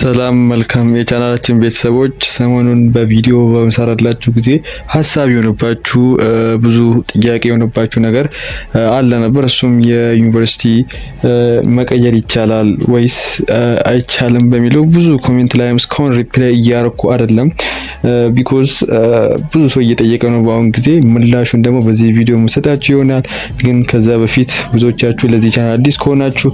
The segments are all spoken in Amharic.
ሰላም መልካም የቻናላችን ቤተሰቦች፣ ሰሞኑን በቪዲዮ በምሰራላችሁ ጊዜ ሀሳብ የሆነባችሁ ብዙ ጥያቄ የሆነባችሁ ነገር አለ ነበር። እሱም የዩኒቨርሲቲ መቀየር ይቻላል ወይስ አይቻልም በሚለው ብዙ ኮሜንት ላይም እስካሁን ሪፕላይ እያረኩ አይደለም። ቢኮዝ uh, uh, ብዙ ሰው እየጠየቀ ነው በአሁን ጊዜ። ምላሹን ደግሞ በዚህ ቪዲዮ መሰጣችሁ ይሆናል። ግን ከዛ በፊት ብዙዎቻችሁ ለዚህ ቻናል አዲስ ከሆናችሁ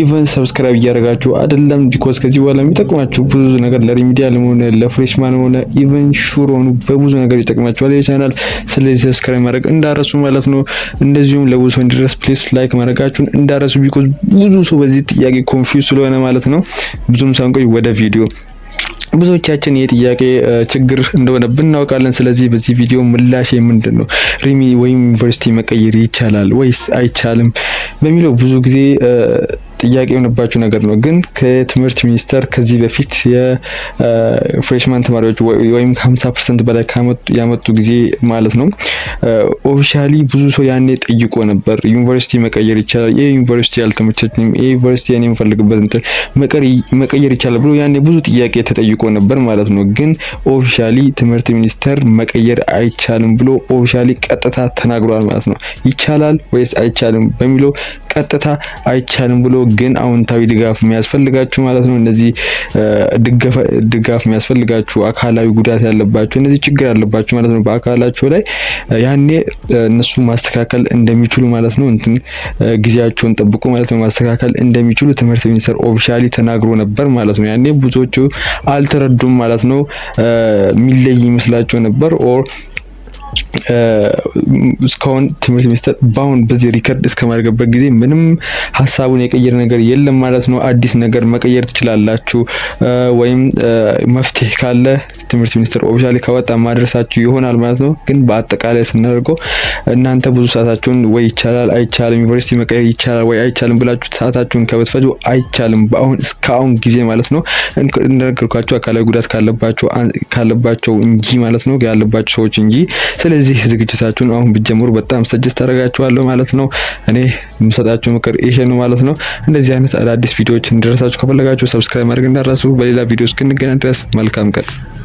ኢቨን ሰብስክራይብ እያደረጋችሁ አይደለም። ቢኮዝ ከዚህ በኋላ የሚጠቅማችሁ ብዙ ነገር ለሪሚዲያል ሆነ ለፍሬሽማን ሆነ ኢቨን ሹር ሆኑ በብዙ ነገር ይጠቅማችኋል ይህ ቻናል። ስለዚህ ሰብስክራይብ ማድረግ እንዳረሱ ማለት ነው። እንደዚሁም ለብዙ ሰው እንዲደርስ ፕሌስ ላይክ ማድረጋችሁን እንዳረሱ። ቢኮዝ ብዙ ሰው በዚህ ጥያቄ ኮንፊውዝ ስለሆነ ማለት ነው። ብዙም ሳንቆይ ወደ ቪዲዮ ብዙዎቻችን ይህ ጥያቄ ችግር እንደሆነ ብናውቃለን። ስለዚህ በዚህ ቪዲዮ ምላሽ ምንድን ነው ሪሚ ወይም ዩኒቨርሲቲ መቀየር ይቻላል ወይስ አይቻልም በሚለው ብዙ ጊዜ ጥያቄ የሆነባቸው ነገር ነው። ግን ከትምህርት ሚኒስቴር ከዚህ በፊት የፍሬሽማን ተማሪዎች ወይም ከ50 ፐርሰንት በላይ ያመጡ ጊዜ ማለት ነው ኦፊሻሊ ብዙ ሰው ያኔ ጠይቆ ነበር። ዩኒቨርሲቲ መቀየር ይቻላል፣ ይህ ዩኒቨርሲቲ ያልተመቸኝም፣ ይህ ዩኒቨርሲቲ ያኔ የምፈልግበት እንትን መቀየር ይቻላል ብሎ ያኔ ብዙ ጥያቄ ተጠይቆ ነበር ማለት ነው። ግን ኦፊሻሊ ትምህርት ሚኒስቴር መቀየር አይቻልም ብሎ ኦፊሻሊ ቀጥታ ተናግሯል ማለት ነው። ይቻላል ወይስ አይቻልም በሚለው ቀጥታ አይቻልም ብሎ ግን አዎንታዊ ድጋፍ የሚያስፈልጋችሁ ማለት ነው። እነዚህ ድጋፍ የሚያስፈልጋችሁ አካላዊ ጉዳት ያለባችሁ እነዚህ ችግር ያለባችሁ ማለት ነው በአካላቸው ላይ ያኔ እነሱ ማስተካከል እንደሚችሉ ማለት ነው እንትን ጊዜያቸውን ጠብቆ ማለት ነው ማስተካከል እንደሚችሉ ትምህርት ሚኒስቴር ኦፊሻሊ ተናግሮ ነበር ማለት ነው። ያኔ ብዙዎቹ አልተረዱም ማለት ነው። የሚለይ ይመስላቸው ነበር ኦር እስካሁን ትምህርት ሚኒስቴር በአሁን በዚህ ሪከርድ እስከማድረገበት ጊዜ ምንም ሀሳቡን የቀየረ ነገር የለም ማለት ነው። አዲስ ነገር መቀየር ትችላላችሁ ወይም መፍትሄ ካለ ትምህርት ሚኒስቴር ኦፊሻሊ ከወጣ ማድረሳችሁ ይሆናል ማለት ነው። ግን በአጠቃላይ ስናደርገው እናንተ ብዙ ሰዓታችሁን ወይ ይቻላል አይቻልም፣ ዩኒቨርሲቲ መቀየር ይቻላል ወይ አይቻልም ብላችሁ ሰዓታችሁን ከበትፈጁ አይቻልም በአሁን እስካሁን ጊዜ ማለት ነው። እንደነገርኳቸው አካላዊ ጉዳት ካለባቸው እንጂ ማለት ነው ያለባቸው ሰዎች እንጂ። ስለዚህ ዝግጅታችሁን አሁን ብትጀምሩ በጣም ሰጅስ አደርጋችኋለሁ ማለት ነው። እኔ የምሰጣችሁ ምክር ይሄ ነው ማለት ነው። እንደዚህ አይነት አዳዲስ ቪዲዮዎች እንዲደርሳችሁ ከፈለጋችሁ ሰብስክራይብ ማድረግ እንዳትረሱ። በሌላ ቪዲዮ እስክንገናኝ ድረስ መልካም ቀን።